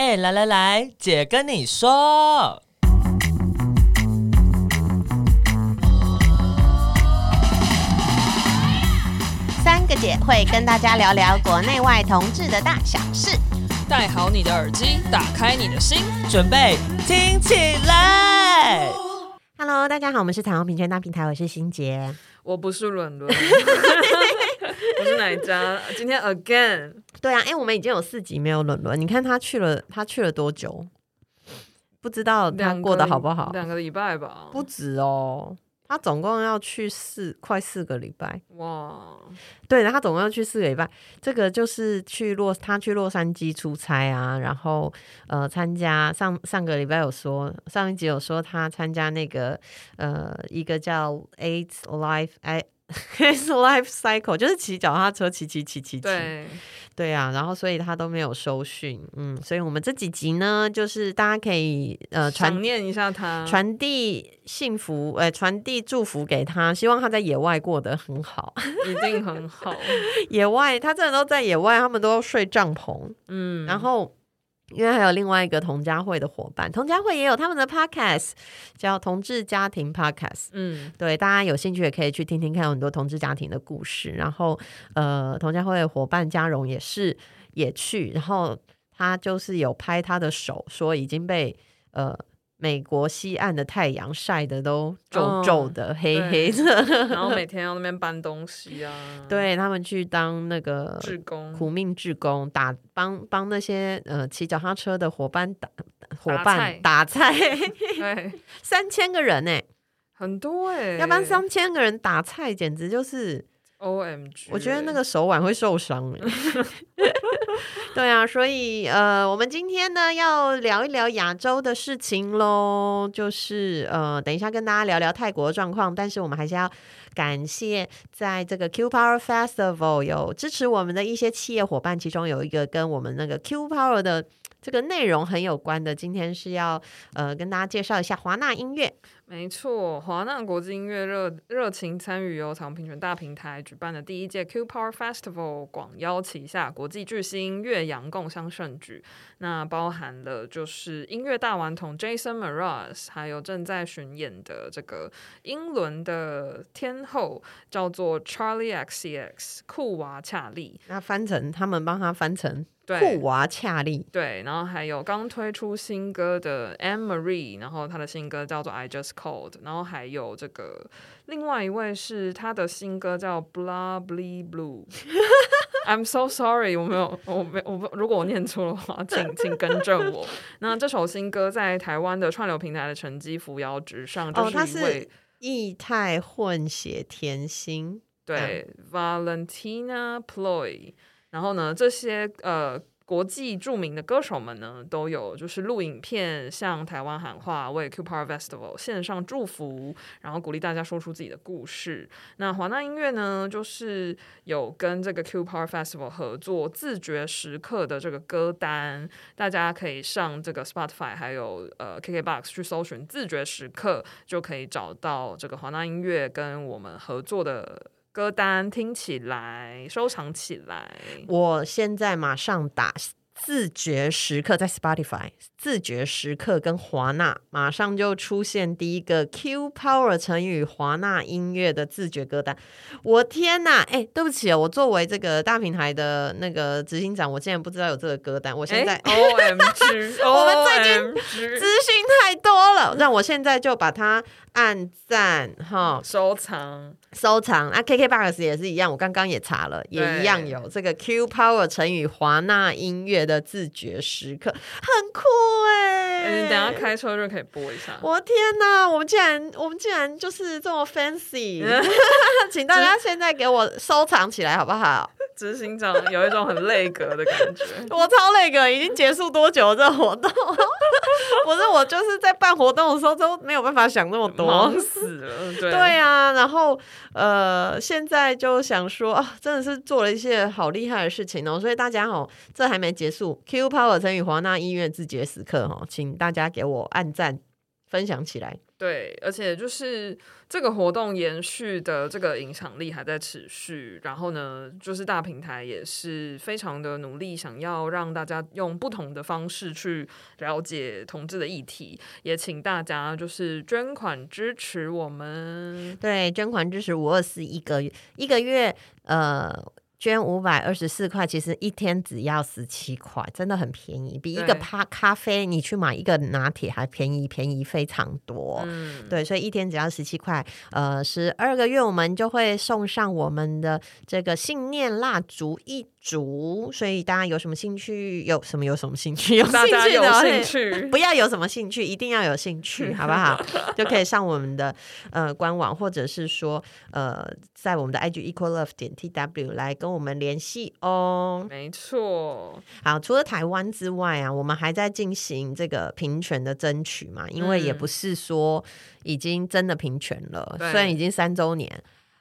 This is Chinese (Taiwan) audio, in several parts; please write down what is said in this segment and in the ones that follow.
哎、欸，來來來，姐跟你說，三個姐會跟大家聊聊國內外同志的大小事。戴好你的耳機，打開你的心，準備聽起來。Hello，大家好，我們是彩虹平權大平台，我是新傑，我不是倫倫。 我是哪一家？今天 again 對啊，為、欸、我們已經有四集沒有論文。你看他去了，他去了多久？不知道他過得好不好？兩個禮拜吧，不止哦。他總共要去四，快四個禮拜。哇，對的，他總共要去四個禮拜。這個就是去洛，他去洛杉磯出差啊，然後呃，參加上上個禮拜有說，上一集有說他參加那個呃，一個叫 AIDS Life。His life cycle 就是騎腳踏車，騎騎騎騎騎。對，對啊，然後所以他都沒有收訊，嗯，所以我們這幾集呢，就是大家可以呃想念一下他，傳遞幸福，呃，傳遞祝福給他，希望他在野外過得很好，一定很好。 野外，他真的都在野外，他們都要睡帳篷，嗯，然後。因為還有另外一個同家會的夥伴，同家會也有他們的 podcast，叫《同志家庭 podcast》。嗯，對，大家有興趣也可以去聽聽看，有很多同志家庭的故事。然後，呃，同家會的夥伴嘉榮也是也去，然後他就是有拍他的手，說已經被呃。美國西岸的太陽曬的都皺皺的、黑黑的，然後每天要那邊搬東西啊。 對他們去當那個志工，苦命志工，打幫幫那些呃騎腳踏車的夥伴打夥伴打菜，打菜 對，三千個人呢，很多哎，要不然三千個人打菜簡直就是 O M G，我覺得那個手腕會受傷 對啊，所以呃，我們今天呢要聊一聊亞洲的事情嘍，就是呃，等一下跟大家聊聊泰國狀況。但是我們還是要感謝在這個 Q Power Festival 有支持我們的一些企業夥伴，其中有一個跟我們那個 Q Power 的這個內容很有關的，今天是要呃跟大家介紹一下華納音樂。沒錯，華納國際音樂熱熱情參與由彩虹平權大平台舉辦的第一屆 Q Power Festival，廣邀旗下國際巨星越洋共襄盛舉。那包含了就是音樂大頑童 Jason Mraz 還有正在巡演的這個英倫的天后叫做 Charli XCX 酷娃恰莉，那翻成他們幫他翻成對，酷娃恰莉。對，然後還有剛推出新歌的 Anne Marie，然後他的新歌叫做 I Just。Cold，然後還有這個，另外一位是他的新歌叫《Bla Bli Blu》 ，I'm so sorry，我沒有，我沒，我不，如果我念錯的話，請請更正我。 那這首新歌在台灣的串流平台的成績扶搖直上，就是一位義、哦、泰混血甜心，對、嗯、Valentina Ploy，然後呢，這些呃。國際著名的歌手們呢，都有就是錄影片向台灣喊話，為 Q POWER Festival 獻上祝福，然後鼓勵大家說出自己的故事。那華納音樂呢，就是有跟這個 Q POWER Festival 合作《自覺時刻》的這個歌單，大家可以上這個 Spotify 還有呃 KKBOX 去搜尋《自覺時刻》，就可以找到這個華納音樂跟我們合作的。歌單聽起來，收藏起來。我現在馬上打“自覺時刻”在 Spotify，“ 自覺時刻”跟華納馬上就出現第一個 Q Power 成語華納音樂的自覺歌單。我天哪！哎，對不起哦，我作為這個大平台的那個執行長，我竟然不知道有這個歌單。我現在 OMG， 我們最近資訊太多了，讓、嗯、我現在就把它。按讚哈，收藏收藏。那、啊、KKBOX 也是一樣，我剛剛也查了，也一樣有這個 Q Power 乘以華納音樂的自覺時刻，很酷哎、欸欸！你等下開車就可以播一下。我的天哪，我們竟然我們竟然就是這麼 fancy， 請大家現在給我收藏起來好不好？執行長有一種很累格的感覺， 我超累格，已經結束多久這活動？ 不是我就是在辦活動的時候都沒有辦法想那麼多，忙死了。對，對啊，然後呃，現在就想說、啊，真的是做了一些好厲害的事情哦、喔，所以大家好，這還沒結束，Q Power 成與華納音樂自覺時刻哈、喔，請大家給我按讚分享起來。對，而且就是這個活動延續的這個影響力還在持續。然後呢，就是大平台也是非常的努力，想要讓大家用不同的方式去了解同志的議題。也請大家就是捐款支持我們。對，捐款支持524一個月，一個月，呃。捐五百二十四塊，其實一天只要十七塊，真的很便宜，比一個趴咖啡你去買一個拿鐵還便宜，便宜非常多。嗯，對，所以一天只要十七塊，呃，十二個月我們就會送上我們的這個信念蠟燭一組。所以大家有什麼興趣？有什麼有什麼興趣？有興趣大家有興趣 不要有什麼興趣，一定要有興趣，嗯、好不好？ 就可以上我們的呃官網，或者是說呃在我們的 IG Equal Love 點 TW 來跟。我們聯繫哦，沒錯。好，除了台灣之外啊，我們還在進行這個平權的爭取嘛，因為也不是說已經真的平權了，嗯，雖然已經三周年，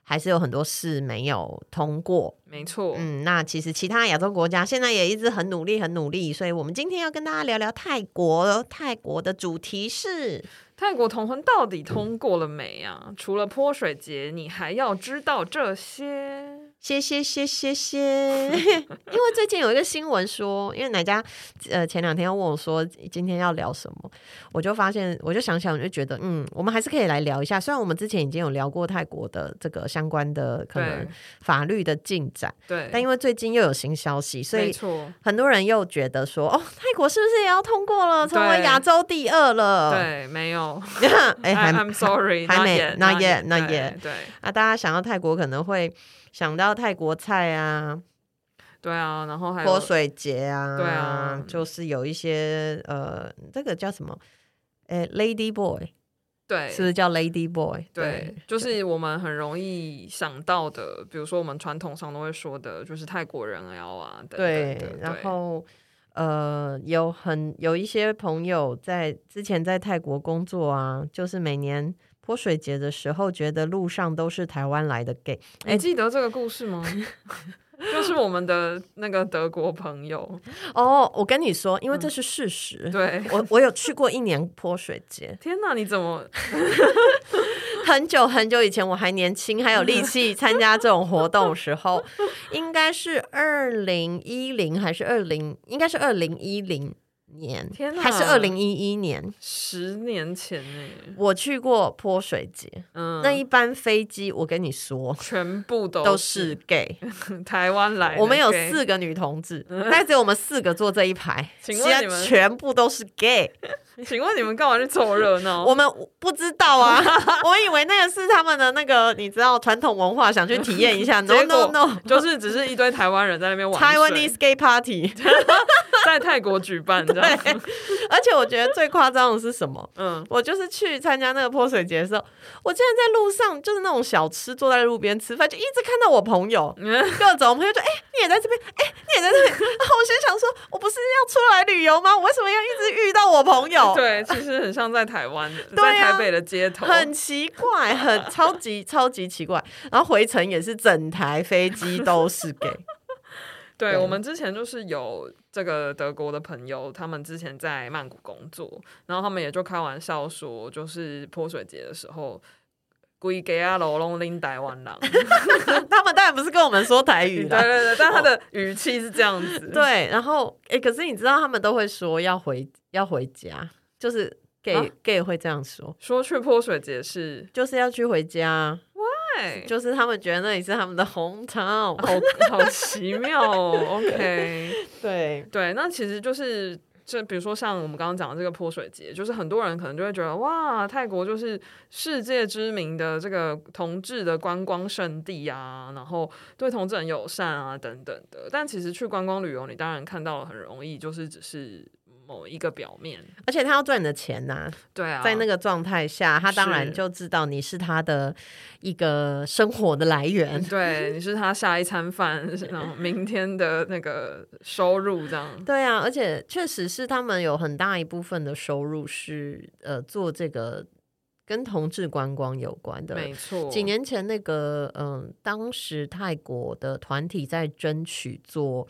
還是有很多事沒有通過。沒錯，嗯，那其實其他亞洲國家現在也一直很努力，很努力。所以我們今天要跟大家聊聊泰國哦，泰國的主題是泰國同婚到底通過了沒啊？嗯，除了潑水節，你還要知道這些。謝謝謝謝謝， 因為最近有一個新聞說，因為哪家呃前兩天要問我說今天要聊什麼，我就發現我就想想，我就覺得嗯，我們還是可以來聊一下。雖然我們之前已經有聊過泰國的這個相關的可能法律的進展，對，但因為最近又有新消息，所以很多人又覺得說哦，泰國是不是也要通過了，成為亞洲第二了？對，沒有，哎、 欸、，I'm sorry，還, yet, 還沒，那也那也對，對，對啊，大家想到泰國可能會。想到泰國菜啊，對啊，然後還潑水節啊，對啊，就是有一些呃，這個叫什麼？哎、欸、Lady Boy，對，是不是叫 Lady Boy，對，對，就是我們很容易想到的，比如說我們傳統上都會說的，就是泰國人妖啊等等，對，對，然後呃，有很有一些朋友在之前在泰國工作啊，就是每年，潑水節的時候，覺得路上都是台灣來的 gay。哎、欸，你記得這個故事嗎？ 就是我們的那個德國朋友。哦、oh，我跟你說，因為這是事實。嗯、對，我我有去過一年潑水節。天哪，你怎麼？ 很久很久以前，我還年輕，還有力氣參加這種活動的時候， 應該是二零一零還是二零？應該是二零一零。年，天哪，還是二零一一年，十年前呢，我去過潑水節，嗯，那一班飛機，我跟你說，全部都是都是 gay，台灣來，我們有四個女同志，那、嗯、只有我們四個坐這一排，其他全部都是 gay。請問你們幹嘛去湊熱鬧？ 我們不知道啊， 我以為那個是他們的那個，你知道傳統文化，想去體驗一下。 No No No，就是只是一堆台灣人在那邊玩水。Taiwanese gay party。 在泰國舉辦，對，而且我覺得最誇張的是什麼？ 嗯，我就是去參加那個潑水節的時候，我竟然在路上就是那種小吃，坐在路邊吃飯，就一直看到我朋友，各種朋友就哎、欸、你也在這邊，哎、欸、你也在這邊， 然後我心想說我不是要出來旅遊嗎？我為什麼要一直遇到我朋友？對，其實很像在台灣、 啊，在台北的街頭，很奇怪，很超級超級奇怪。然後回程也是整台飛機都是給 對，對，我們之前就是有。這個德國的朋友，他們之前在曼谷工作，然後他們也就開玩笑說，就是潑水節的時候，故意給阿老龍拎台灣人。 他們當然不是跟我們說台語的， 對對對 但他的語氣是這樣子。 對，然後，哎、欸，可是你知道，他們都會說要回要回家，就是 gay、啊、gay 會這樣說，說去潑水節是就是要去回家。對，就是他們覺得那裡是他們的 home town，好好奇妙哦。 OK，對對，那其實就是，就比如說像我們剛剛講的這個潑水節，就是很多人可能就會覺得哇，泰國就是世界知名的這個同志的觀光勝地啊！然後對同志很友善啊等等的。但其實去觀光旅遊，你當然看到了，很容易就是只是。某一個表面，而且他要賺你的錢吶、啊。對啊，在那個狀態下，他當然就知道你是他的一個生活的來源。對，你是他下一餐飯， 然後明天的那個收入這樣。對啊，而且確實是他們有很大一部分的收入是呃做這個跟同志觀光有關的。沒錯，幾年前那個嗯、呃，當時泰國的團體在爭取做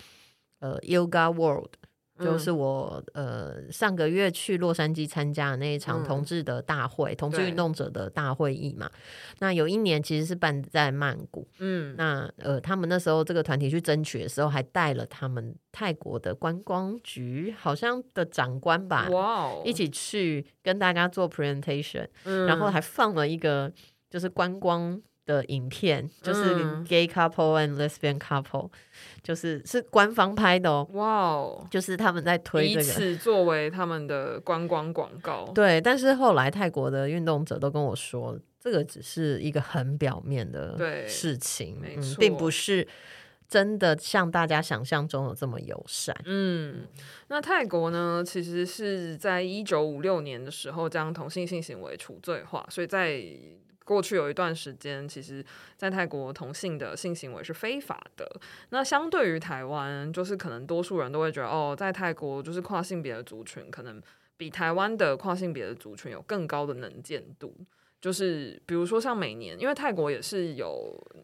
呃 Yoga World。就是我，嗯，呃上個月去洛杉磯參加的那一場同志的大會，嗯，同志運動者的大會議嘛。那有一年其實是辦在曼谷，嗯，那呃他們那時候這個團體去爭取的時候，還帶了他們泰國的觀光局好像的長官吧，哇哦，一起去跟大家做 presentation，嗯，然後還放了一個就是觀光。的影片就是 gay couple and lesbian couple、嗯、就是是官方拍的哦，哇哦，就是他們在推這個，以此作為他們的觀光廣告，對。但是後來泰國的運動者都跟我說，這個只是一個很表面的事情，嗯、沒錯，並不是真的像大家想象中的這麼友善。嗯，那泰國呢，其實是在一九五六年的時候將同性性行為除罪化，所以在。過去有一段時間，其實在泰國同性的性行為是非法的。那相對於台灣，就是可能多數人都會覺得，哦，在泰國就是跨性別的族群，可能比台灣的跨性別的族群有更高的能見度。就是比如說，像每年，因為泰國也是有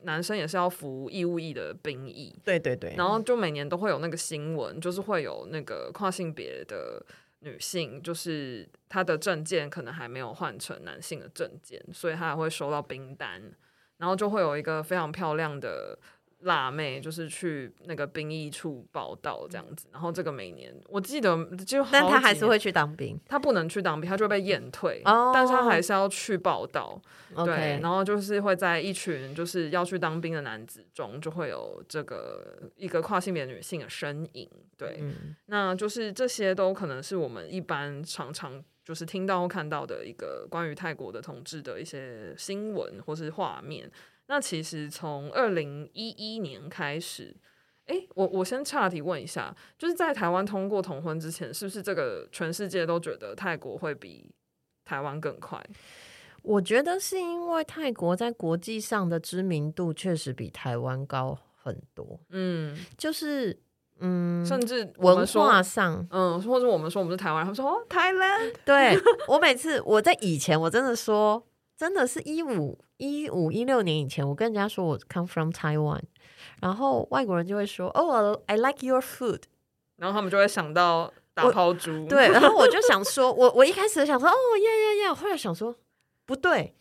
男生也是要服義務役的兵役，對對對，然後就每年都會有那個新聞，就是會有那個跨性別的。女性就是她，的證件可能還沒有換成男性的證件，所以她會收到兵單，然後就會有一個非常漂亮的辣妹就是去那個兵役處報到這樣子。嗯，然後這個每年我記得就好，但他還是會去當兵，他不能去當兵，他就會被驗退。哦，但是他還是要去報到。對、okay，然後就是會在一群就是要去當兵的男子中，就會有這個一個跨性別女性的身影。對、嗯，那就是這些都可能是我們一般常常就是聽到看到的一個關於泰國的同志的一些新聞或是畫面。那其實從二零一一年開始，哎，我我先岔題問一下，就是在台灣通過同婚之前，是不是這個全世界都覺得泰國會比台灣更快？我覺得是因為泰國在國際上的知名度確實比台灣高很多。嗯，就是嗯，甚至我們說文化上，嗯，或者我們說我們是台灣，他們說，哦，台灣。對， 我每次我在以前我真的說。真的是一五一五一六年以前，我跟人家說我 come from Taiwan，然後外國人就會說哦、oh,，I like your food，然後他們就會想到打拋豬，對，然後我就想說， 我我一開始想說哦、oh, yeah, yeah,，yeah，後來想說不對。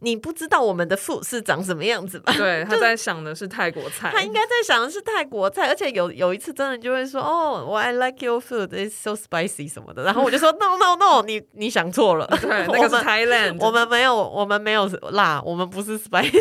你不知道我們的 food 是長什麼樣子吧？對，他在想的是泰國菜，就是、他應該在想的是泰國菜，而且有有一次真的就會說哦、oh，I like your food, it's so spicy 什麼的，然後我就說 no no no，你你想錯了，對， 那個是 Thailand， 我們,我們沒有我們沒有辣，我們不是 spicy，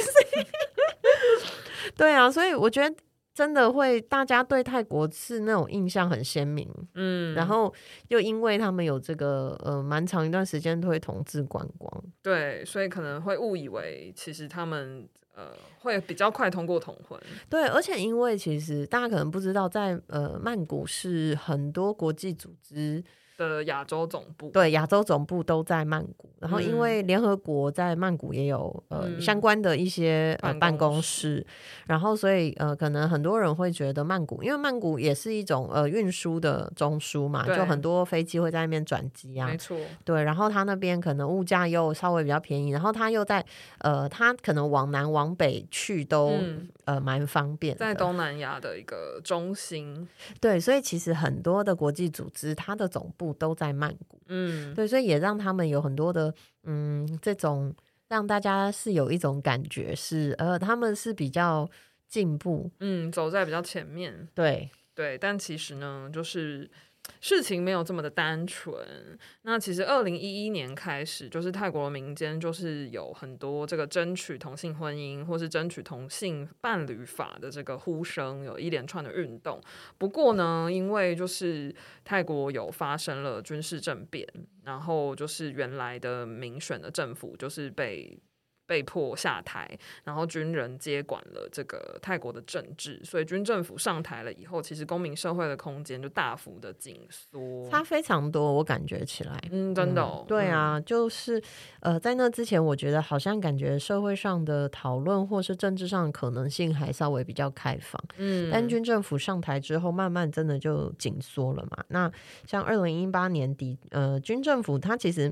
對啊，所以我覺得。真的會，大家對泰國是那種印象很鮮明，嗯，然後，又因為他們有這個呃蠻長一段時間都會同志觀光，對，所以可能會誤以為其實他們呃會比較快通過同婚，對，而且因為其實大家可能不知道在，在呃曼谷是很多國際組織。的亞洲總部，對，亞洲總部都在曼谷，然後因為聯合國在曼谷也有、嗯、呃相關的一些、嗯呃、辦公室辦公室，然後所以呃可能很多人會覺得曼谷，因為曼谷也是一種呃運輸的中樞嘛，就很多飛機會在那邊轉機啊。沒錯，對，然後他那邊可能物價又稍微比較便宜，然後他又在呃他可能往南往北去都。嗯呃，蠻方便，在東南亞的一個中心。對，所以其實很多的國際組織，它的總部都在曼谷。嗯，對，所以也讓他們有很多的，嗯，這種讓大家是有一種感覺是，呃，他們是比較進步，嗯，走在比較前面。對，對，但其實呢，就是。事情沒有這麼的單純。那其實二零一一年開始，就是泰國民間就是有很多這個爭取同性婚姻，或是爭取同性伴侶法的這個呼聲，有一連串的運動。不過呢，因為就是泰國有發生了軍事政變，然後就是原來的民選的政府就是被。被迫下台，然後軍人接管了這個泰國的政治。所以軍政府上台了以後，其實公民社會的空間就大幅的緊縮，差非常多。我感覺起來，嗯，真的、哦嗯，對啊，嗯、就是呃，在那之前，我覺得好像感覺社會上的討論或是政治上可能性還稍微比較開放。嗯，但軍政府上台之後，慢慢真的就緊縮了嘛。那像二零一八年底，呃，軍政府他其實。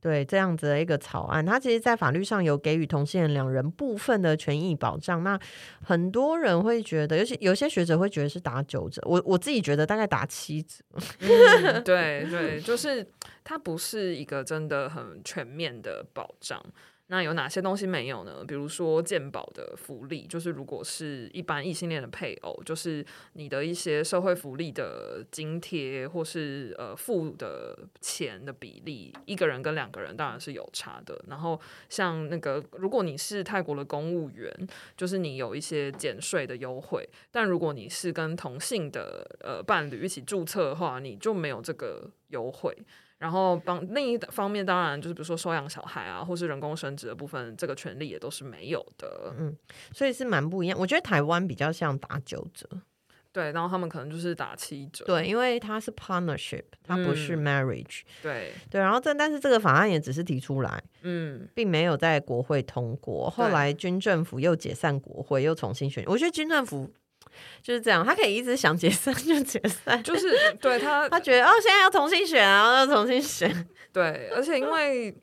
對這樣子的一個草案，它其實在法律上有給予同性戀兩人部分的權益保障。那很多人會覺得，尤其有些學者會覺得是打九折，我我自己覺得大概打七折、 嗯。對對，就是它不是一個真的很全面的保障。那有哪些東西沒有呢？比如說健保的福利，就是如果是一般異性戀的配偶，就是你的一些社會福利的津貼，或是呃付的錢的比例，一個人跟兩個人當然是有差的。然後像那個，如果你是泰國的公務員，就是你有一些減稅的優惠，但如果你是跟同性的呃伴侶一起注冊的話，你就沒有這個優惠。然後幫另一方面，當然就是比如說收養小孩啊，或是人工生殖的部分，這個權利也都是沒有的。嗯，所以是蠻不一樣。我覺得台灣比較像打九折，對，然後他們可能就是打七折。對，因為它是 partnership，它不是 marriage。嗯，對。對，然後但但是這個法案也只是提出來，嗯，並沒有在國會通過。後來軍政府又解散國會，又重新選舉。我覺得軍政府。就是這樣，他可以一直想解散就解散，就是對他，他覺得哦，現在要重新選，啊，要重新選，對，而且因為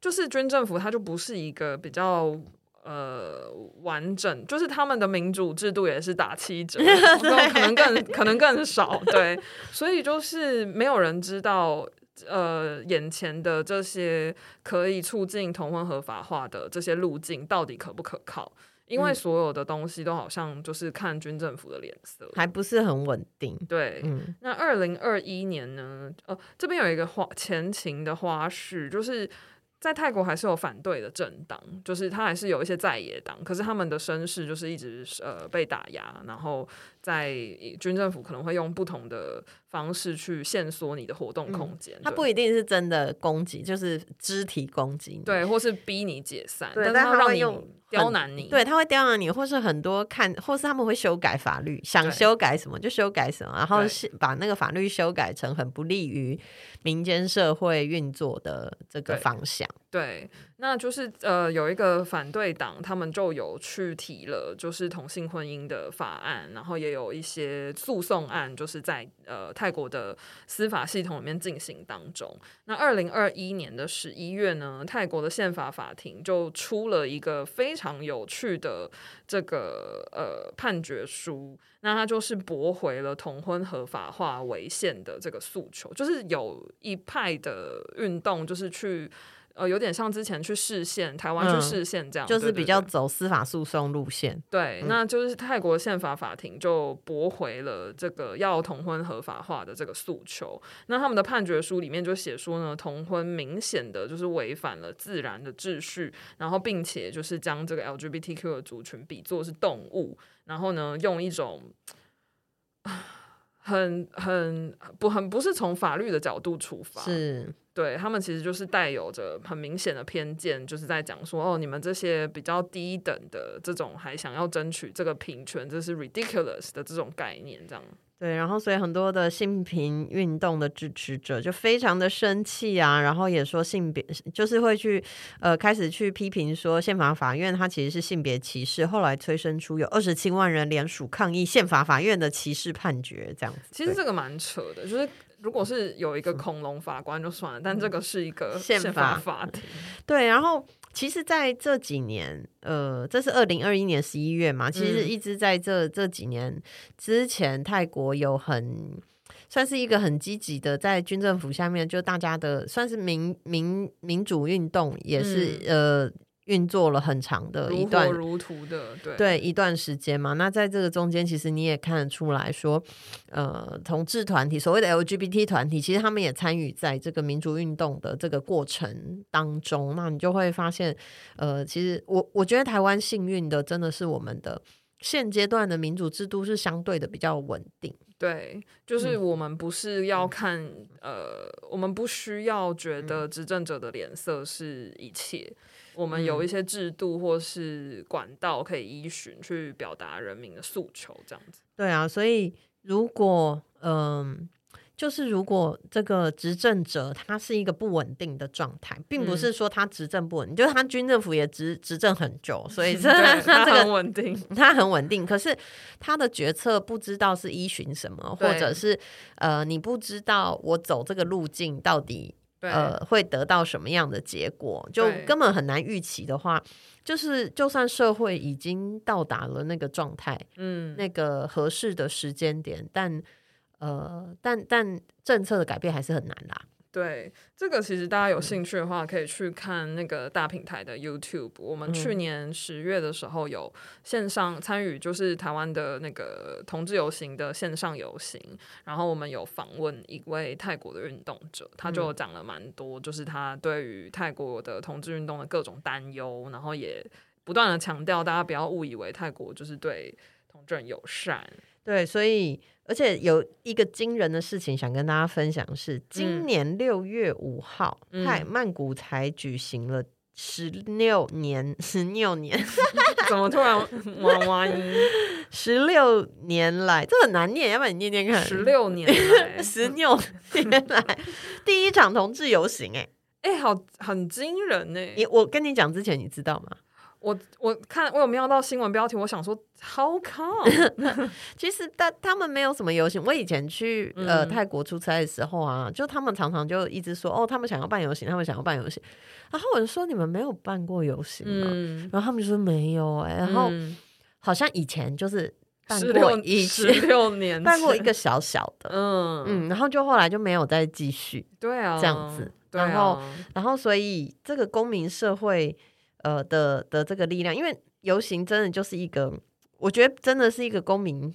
就是軍政府，他就不是一個比較呃完整，就是他們的民主制度也是打七折， 然後可能更可能更少，對，所以就是沒有人知道呃眼前的這些可以促進同婚合法化的這些路徑到底可不可靠。因為所有的東西都好像就是看軍政府的臉色，還不是很穩定。對，嗯，那二零二一年呢？呃，這邊有一個花前情的花絮，就是在泰國還是有反對的政黨，就是他還是有一些在野黨，可是他們的聲勢就是一直呃被打壓，然後在軍政府可能會用不同的。方式去限縮你的活動空間，它、嗯、不一定是真的攻擊，就是肢體攻擊你，對，或是逼你解散，對，但他會用刁難你，對，他會刁難你，或是很多看，或是他們會修改法律，想修改什麼就修改什麼，然後把那個法律修改成很不利於民間社會運作的這個方向。對，對那就是呃，有一個反對黨，他們就有去提了，就是同性婚姻的法案，然後也有一些訴訟案，就是在呃。泰國的司法系統裡面進行當中。那二零二一年的十一月呢，泰國的憲法法庭就出了一個非常有趣的這個呃判決書。那他就是駁回了同婚合法化違憲的這個訴求，就是有一派的運動就是去。呃，有點像之前去釋憲，台灣去釋憲這樣，嗯，就是比較走司法訴訟路線，對對對，嗯。對，那就是泰國憲法法庭就駁回了這個要同婚合法化的這個訴求。那他們的判決書裡面就寫說呢，同婚明顯的就是違反了自然的秩序，然後並且就是將這個 LGBTQ 的族群比作是動物，然後呢，用一種很很不很不是從法律的角度出發是。對他們其實就是帶有着很明顯的偏見，就是在講說哦，你們這些比較低等的這種還想要爭取這個平權，這是 ridiculous 的這種概念，這樣。對，然後所以很多的性平運動的支持者就非常的生氣啊，然後也說性別就是會去呃開始去批評說憲法法院它其實是性別歧視，後來催生出有二十七萬人聯署抗議憲法法院的歧視判決，這樣子。其實這個蠻扯的，就是。如果是有一個恐龍法官就算了，嗯，但這個是一個憲法法庭。 對，然後其實在這幾年，呃，這是二零二一年十一月嘛，嗯，其實一直在這這幾年之前，泰國有很算是一個很積極的，在軍政府下面，就大家的算是民民民主運動也是、嗯、呃。運作了很長的一段如火如荼的對對一段時間嘛，那在這個中間，其實你也看得出來說，呃，同志團體所謂的 LGBT 團體，其實他們也參與在這個民主運動的這個過程當中。那你就會發現，呃，其實我我覺得台灣幸運的，真的是我們的現階段的民主制度是相對的比較穩定。對，就是我們不是要看，嗯、呃，我們不需要覺得執政者的臉色是一切。我們有一些制度或是管道可以依循去表達人民的訴求，這樣子、嗯。對啊，所以如果嗯、呃，就是如果這個執政者他是一個不穩定的狀態，並不是說他執政不穩、嗯，就是他軍政府也執執政很久，所以這他很穩定，他很穩定、， 他這個、他很穩定。可是他的決策不知道是依循什麼，或者是呃，你不知道我走這個路徑到底。呃，會得到什麼樣的結果，就根本很難預期的話，就是就算社會已經到達了那個狀態，嗯，那個合適的時間點，但呃，但但政策的改變還是很難啦。對，這個其實大家有興趣的話，可以去看那個大平台的 YouTube，嗯。我們去年十月的時候有線上參與，就是台灣的那個同志遊行的線上遊行，然後我們有訪問一位泰國的運動者，他就講了蠻多，就是他對於泰國的同志運動的各種擔憂，然後也不斷的強調大家不要誤以為泰國就是對同志很友善。對，所以而且有一個驚人的事情想跟大家分享是，今年六月五號嗨、嗯、曼谷才舉行了十六年十六年，年 怎麼突然娃娃音？十六年來，這很難念，要不然你念念看？十六年十六年來， 年年來 第一場同志遊行，哎好很驚人呢！你我跟你講之前，你知道嗎？我我看我有瞄到新聞標題？我想說，How come? 其實但他們沒有什麼遊行。我以前去呃泰國出差的時候啊、嗯，就他們常常就一直說哦，他們想要辦遊行，他們想要辦遊行。然後我就說你們沒有辦過遊行嗎、啊嗯？然後他們就說沒有、欸。然後、嗯、好像以前就是辦過一些、十六年前， 辦過一個小小的，嗯嗯，然後就後來就沒有再繼續，對啊，這樣子。哦、然後,、哦、然,後然後所以這個公民社會。呃的的這個力量，因為遊行真的就是一個，我覺得真的是一個公民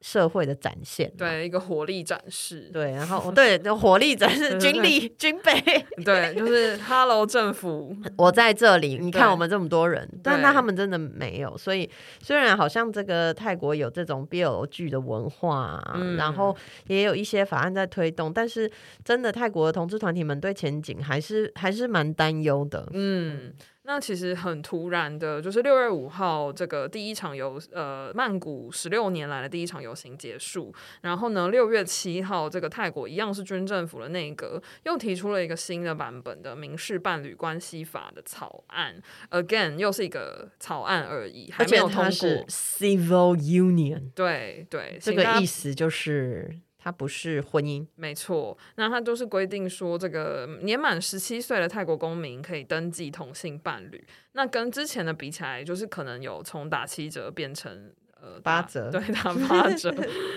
社會的展現，對、啊、一個火力展示，對，然後對，就火力展示， 對對對軍力軍備， 對，就是 Hello 政府，我在這裡，你看我們這麼多人，但那他們真的沒有，所以雖然好像這個泰國有這種 BLG 的文化、嗯，然後也有一些法案在推動，但是真的泰國的同志團體們對前景還是還是蠻擔憂的，嗯。那其實很突然的，就是六月五號這個第一場遊呃曼谷，十六年來的第一場遊行結束，然後呢六月七號這個泰國一樣是軍政府的內閣又提出了一個新的版本的民事伴侶關係法的草案，again 又是一個草案而已，還沒有通過。Civil Union 對對，這個意思就是。它不是婚姻，沒錯。那它就是規定說，這個年滿十七歲的泰國公民可以登記同性伴侶。那跟之前的比起來，就是可能有從打七折變成。呃，八折對，打八折，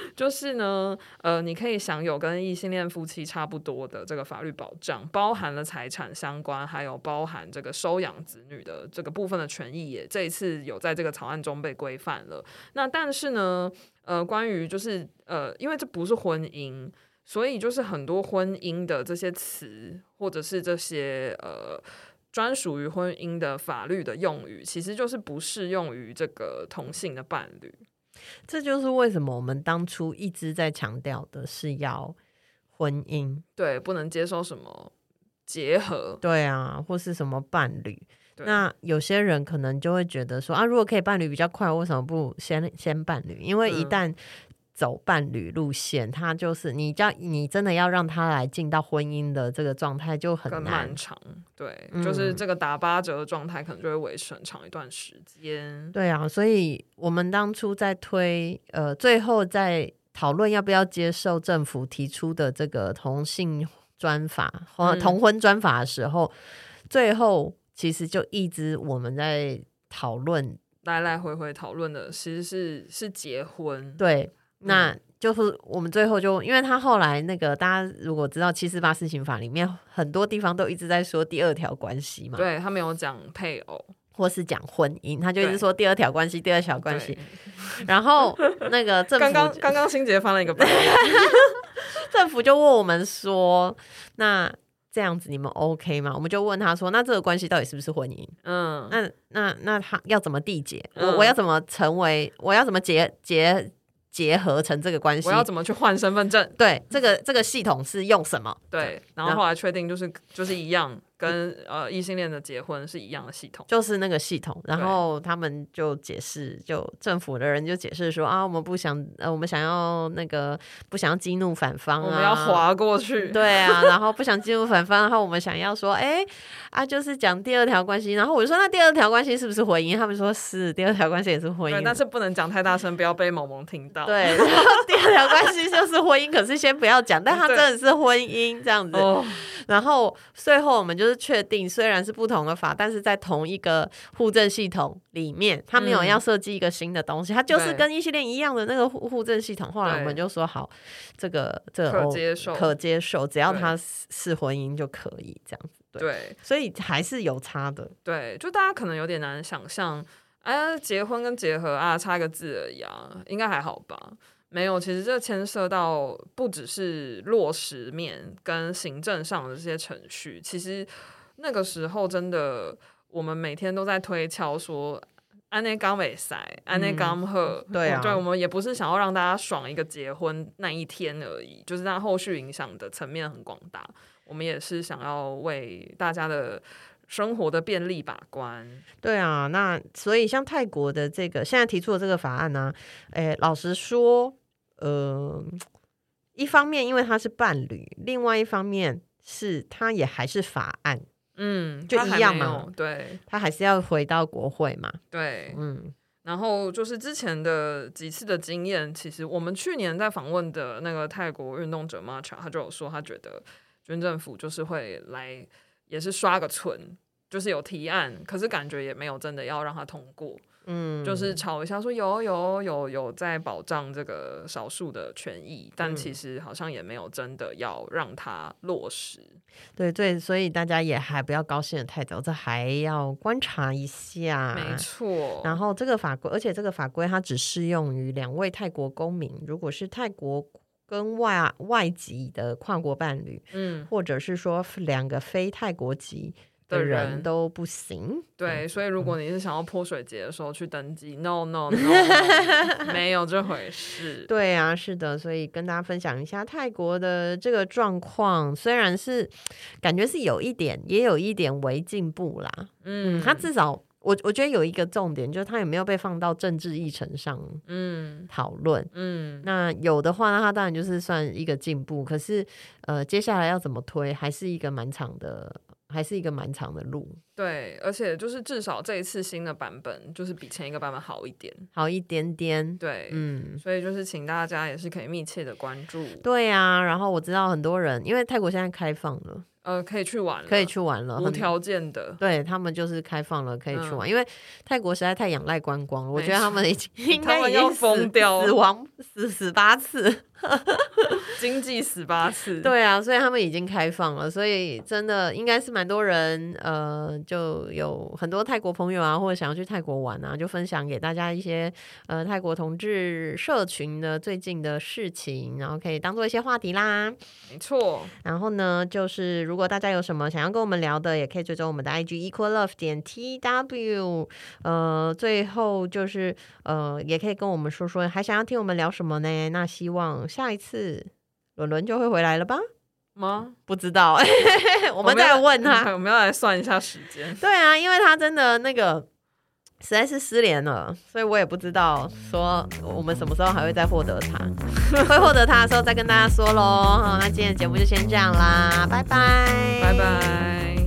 就是呢，呃，你可以享有跟異性戀夫妻差不多的這個法律保障，包含了財產相關，還有包含這個收養子女的這個部分的權益也這一次有在這個草案中被規範了。那但是呢，呃，關於就是呃，因為這不是婚姻，所以就是很多婚姻的這些詞或者是這些呃。專屬於婚姻的法律的用語，其實就是不適用於這個同性的伴侶。這就是為什麼我們當初一直在強調的是要婚姻，對，不能接受什麼結合，對啊，或是什麼伴侶。那有些人可能就會覺得說啊，如果可以伴侶比較快，為什麼不先先伴侶？因為一旦、嗯走伴侶路線，他就是你叫，叫你真的要讓他來進到婚姻的這個狀態，就很漫長。對、嗯，就是這個打八折的狀態，可能就會維持很長一段時間。對啊，所以我們當初在推呃，最後在討論要不要接受政府提出的這個同性專法或、嗯、同婚專法的時候，最後其實就一直我們在討論，來來回回討論的其實是是結婚。對。那就是我們最後就，因為他後來那個大家如果知道七四八施行法裡面很多地方都一直在說第二條關係嘛，對，他沒有講配偶或是講婚姻，他就一直說第二條關係，第二條關係。然後那個政府剛剛剛剛新杰發了一個， 政府就問我們說，那這樣子你們 OK 嗎？我們就問他說，那這個關係到底是不是婚姻？嗯，那那那他要怎麼締結？我、嗯、我要怎麼成為？我要怎麼結結？結合成這個關係，我要怎麼去換身份證？對，這個這個系統是用什麼？對，然後後來確定就是、嗯、就是一樣。跟呃異性戀的結婚是一樣的系統，就是那個系統。然後他們就解釋，就政府的人就解釋說啊，我們不想，呃、我們想要那個不想要激怒反方、啊，我們要劃過去。對啊，然後不想激怒反方 然後我們想要說，哎、欸、啊，就是講第二條關係。然後我就說，那第二條關係是不是婚姻？他們說是，第二條關係也是婚姻，但是不能講太大聲，不要被某某聽到。對，然後第二條關係就是婚姻， 可是先不要講，但它真的是婚姻這樣子。然後最後我們就是確定，雖然是不同的法，但是在同一個戶政系統裡面，他沒有要設計一個新的東西，它、嗯、就是跟異性戀一樣的那個互互戶政系統。後來我們就說好，這個這個可接受、哦，可接受，只要它是婚姻就可以，這樣子對。對，所以還是有差的。對，就大家可能有點難想象，哎呀，結婚跟結合啊，差一個字而已啊，應該還好吧。沒有，其實這牽涉到不只是落實面跟行政上的這些程序。其實那個時候，真的我們每天都在推敲說，安內剛尾塞，安內剛賀，對啊，嗯、對，我們也不是想要讓大家爽一個結婚那一天而已，就是讓後續影響的層面很廣大。我們也是想要為大家的生活的便利把關。對啊，那所以像泰國的這個現在提出的這個法案呢、啊，哎，老實說。呃，一方面因為他是伴侶，另外一方面是他也還是法案，嗯，就一樣嘛，對，他還是要回到國會嘛，對，嗯，然後就是之前的幾次的經驗，其實我們去年在訪問的那個泰國運動者瑪喬，他就有說，他覺得軍政府就是會來，也是刷個存，就是有提案，可是感覺也沒有真的要讓他通過。嗯，就是吵一下，說有,有有有有在保障這個少數的權益、嗯，但其實好像也沒有真的要讓它落實。對,對對，所以大家也還不要高興的太早，這還要觀察一下。沒錯。然後這個法規，而且這個法規它只適用於兩位泰國公民，如果是泰國跟外外籍的跨國伴侶，嗯，或者是說兩個非泰國籍。的人都不行，對、嗯，對，所以如果你是想要潑水節的時候、嗯、去登記 no no no, no, no 沒有這回事。對啊，是的，所以跟大家分享一下泰國的這個狀況，雖然是感覺是有一點，也有一點微進步啦。嗯，他至少我我覺得有一個重點就是他也沒有被放到政治議程上，嗯，討論，嗯，那有的話，那他當然就是算一個進步。可是，呃，接下來要怎麼推，還是一個蠻長的。還是一個蠻長的路，對，而且就是至少這一次新的版本，就是比前一個版本好一點，好一點點，對，嗯，所以就是請大家也是可以密切的關注，對呀、啊，然後我知道很多人，因為泰國現在開放了。呃，可以去玩了，可以去玩了，無條件的，對，他們就是開放了，可以去玩。嗯、因為泰國實在太仰賴觀光了、嗯，我覺得他們已經他們應該要瘋掉了，死亡死十八次， 經濟十八次，對啊，所以他們已經開放了，所以真的應該是蠻多人，呃，就有很多泰國朋友啊，或者想要去泰國玩啊，就分享給大家一些呃泰國同志社群的最近的事情，然後可以當做一些話題啦，沒錯。然後呢，就是如如果大家有什麼想要跟我們聊的，也可以追蹤我們的 IG equal love 點 tw。呃，最後就是呃，也可以跟我們說說，還想要聽我們聊什麼呢？那希望下一次倫倫就會回來了吧？嗎？不知道， 我，沒有 我們再問他。我們要來算一下時間。 對啊，因為他真的那個。實在是失聯了，所以我也不知道說我們什麼時候還會再獲得它， 會獲得它的時候再跟大家說嘍。好，那今天的節目就先這樣啦，拜拜，拜拜。